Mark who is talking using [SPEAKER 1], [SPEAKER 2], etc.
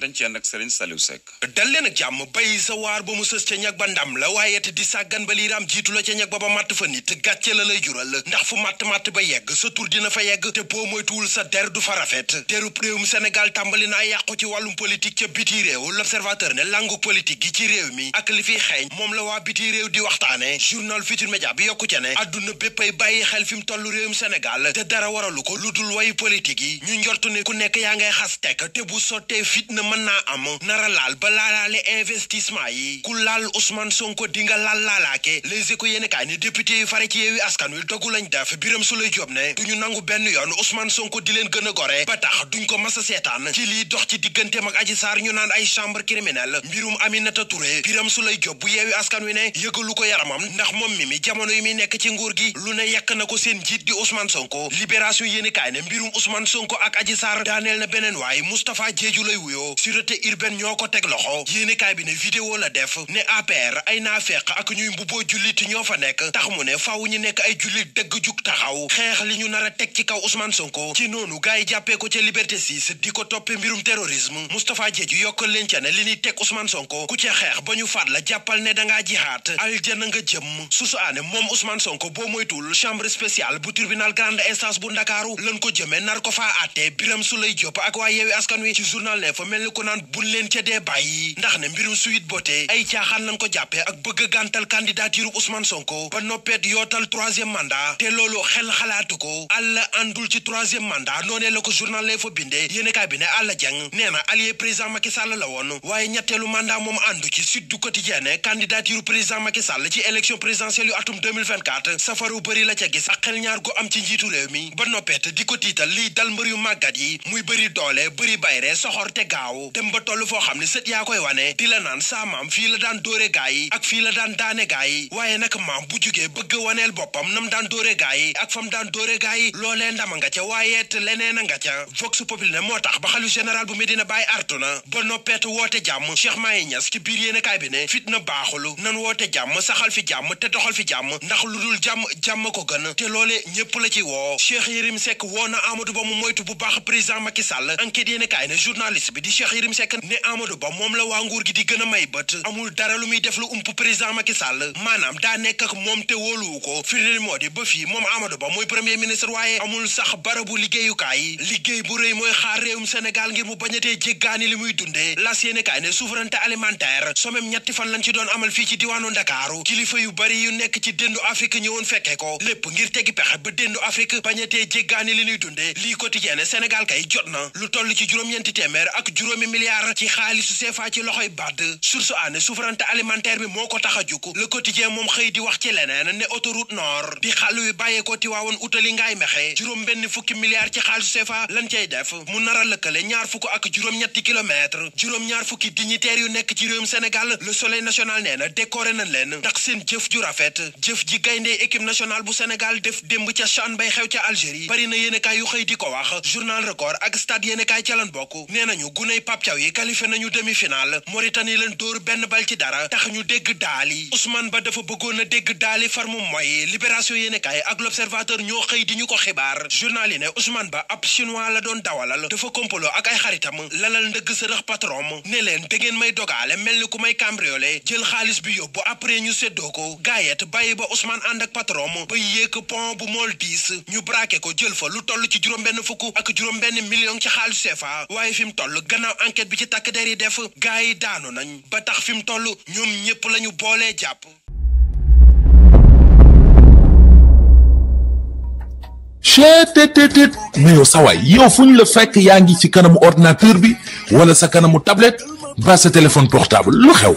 [SPEAKER 1] da ci ànd ak Serigne jàmm bay sa waar ba mu sës ca ñag ba ndam la waaye te di sàggan ba liiraam jiitu la ca ñag ba ba màtt fa nit gàcce la lay jural ndax fu màtt-màtt ba yegg sa tur dina fa yegg te boo moytuwul sa der du fa rafet derub réewum Sénégal tàmbali naa yàqu ci wàllum politique ca biti réew l'observateur ne langu politique gi ci réew mi ak li fiy xeeñ moom la waa biti réew di waxtaane journal Futur Média bi yokku ca ne àdduna béppay bàyyi xel fi mu toll réewum Sénégal te dara waralu ko lu dul wayu politique yi ñu njort ne ku nekk yaa ngay xas te mën naa am nara laal ba laalaale investissement yi ku laal Ousmane Sonko di nga laal laalaake Les Échos yéen kaay ni député yi fare ci Yewwi Askan Wi dogu lañ def biram Souleye Diop ne nangu benn yoon Ousmane Sonko di leen a gore ba tax duñ ko mas a seetaan ci lii dox ci digganteem ak Adji Sarr ñu naan ay chambre criminelle mbirum Aminata Touré Birame Souleye Diop bu Yewwi Askan Wi ne yëgalu ko yaramam ndax moom mi mi jamono yi muy nekk ci nguur gi lu ne yekk na ko seen njiit di Ousmane Sonko Libération yéen kaay ne mbirum Ousmane Sonko ak Adji saar daaneel na beneen waay Moustapha Diédhiou lay wuyoo sûreté urbaine ñoo ko teg loxo yéenekaay bi ne vidéo la def ne APR ay naafeq ak ñuy mbubboo jullit ñoo fa nekk tax mu ne faw ñu nekk ay jullit dëgg jug taxaw xeex li ñu nar a teg ci kaw Ousmane Sonko ci noonu gars yi jàppee ko ca Liberté 6 di ko toppe mbirum terrorisme Moustapha Diédhiou yokkal leen ca ne li ñuy teg Ousmane Sonko ku ca xeex ba ñu faat la jàppal ne dangaa jihaat aljana nga jëm su su aane moom Ousmane Sonko boo moytul chambre spéciale bu tribunal grande instance bu Ndakaaru lan ko jëmee nar ko faa àtte Birame Souleye Diop ak waa Yewwi Askan Wi ci journal L'Info mel tàmbali ko naan buñ leen ca dee bàyyi ndax ne mbirum Sweet Beauté ay caaxaan lañ ko jàppee ak bëgg a gàntal candidature son Sonko ba noppeet yootal troisième mandat te loolu xel xalaatu ko àlla àndul ci troisième mandat noonee la ko journal lay fa bindee yéene kaay bi ne jang nee na allié président Macky Sall la woon waaye ñetteelu mandat moom àndu ci Sud du Quotidien ne candidature président Macky Sall ci élection présidentielle yu atum 2024 safaru bëri la ca gis ak xel ñaar gu am ci njiitu réew mi ba noppeet di ko tiital liy dal mbër yu màggat yi muy bëri doole bëri bayre yow dem ba toll foo xam ne sët yaa koy wane di la naan saa maam fii la daan dóore gaa yi ak fii la daan daane gaa yi waaye nag maam bu jugee bëgg waneel boppam nam daan dóore gaa yi ak fam daan dóore gaa yi loolee ndama nga ca waaye te leneen a nga ca vox populi ne moo tax ba xalu général bu Medina Baye artu na ba noppeet woote jàmm Cheikh Maye Niass ci biir yéene kaay bi ne fit na baaxulu nan woote jàmm saxal fi jàmm te doxal fi jàmm ndax lu dul jàmm jàmm ko gën te la ci woo Cheikh Yérim na bu baax président Macky Sall enquête yéene kaay Cheikh Yérim Seck ne Amadou Ba moom la waa nguur gi di gën a may bët amul dara lu muy def lu ump président Macky Sall maanaam daa nekk ak moom te wóoluwu ko firnde moo di ba fii moom Amadou Ba mooy premier ministre waaye amul sax barabu liggéeyukaay liggéey bu rëy mooy xaar réewum senegal ngir mu bañatee jéggaani li muy dundee las yéene kaay ne souveraineté alimentaire somem ñetti fan lañ ci doon amal fii ci diwaanu Ndakaaru kilifa yu bari yu nekk ci déndu Afrique ñëwoon fekkee ko lépp ngir tegi pexe ba déndu Afrique bañatee jéggaani li ñuy dundee lii quotidien Sénégal kay jot na lu toll ci juróom-ñeenti téeméer ak juróom juróomi milliards ci xaalisu CFA ci loxoy BAD source ane souveraineté alimentaire bi moo ko tax a jukk le quotidien moom xëy di wax ci leneen ne autoroute nord bi xàllu wi bàyyeekoo ti waawoon utali ngaay mexe juróom benn fukki milliards ci xaalisu CFA lan cay def mu nar lëkkale ñaar fukk ak juróom-ñetti kilomètre juróom-ñaar fukki dignitaires yu nekk ci réewum Sénégal le soleil national nee na décoré nañ leen ndax seen jëf ju rafet jëf ji gayndee équipe nationale bu Sénégal def démb ca CHAN bay xew ca Algérie bari na yéenekaay yu xëy di ko wax journal record ak stade yéenekaay ca lan tey Pape Thiaw yi qualifié nañu demi-finale Mauritanie leen dóor benn bal ci dara tax ñu dégg daali Ousmane Ba dafa bëggoon a dégg daali far mu mooy libération ak l'observateur ñoo xëy di ñu ko xibaar journal yi ne Ousmane Ba ab chinois la doon dawalal dafa kompolo ak ay xaritam lalal ndëgg sërëx patron ne leen da ngeen may dogaale mel ni ku may cambriolé jël xaalis bi yóbbu après ñu séddoo ko gaayet bàyyi ba Ousmane ànd ak patron ba yéeg pont bu mool diis ñu braqué ko jël fa lu toll ci juróom-benn fukk ak benn million ci xaalis CFA ginnaaw bi ci takk der yi def gars yi daanu nañ ba tax fi mu toll ñoom ñëpp la ñu boolee jàpp
[SPEAKER 2] chettt mais yow sawaay yow fu ñu la fekk yaa ngi ci kanamu ordinateur bi wala sa kanamu tablet ba sa téléphone portable lu xew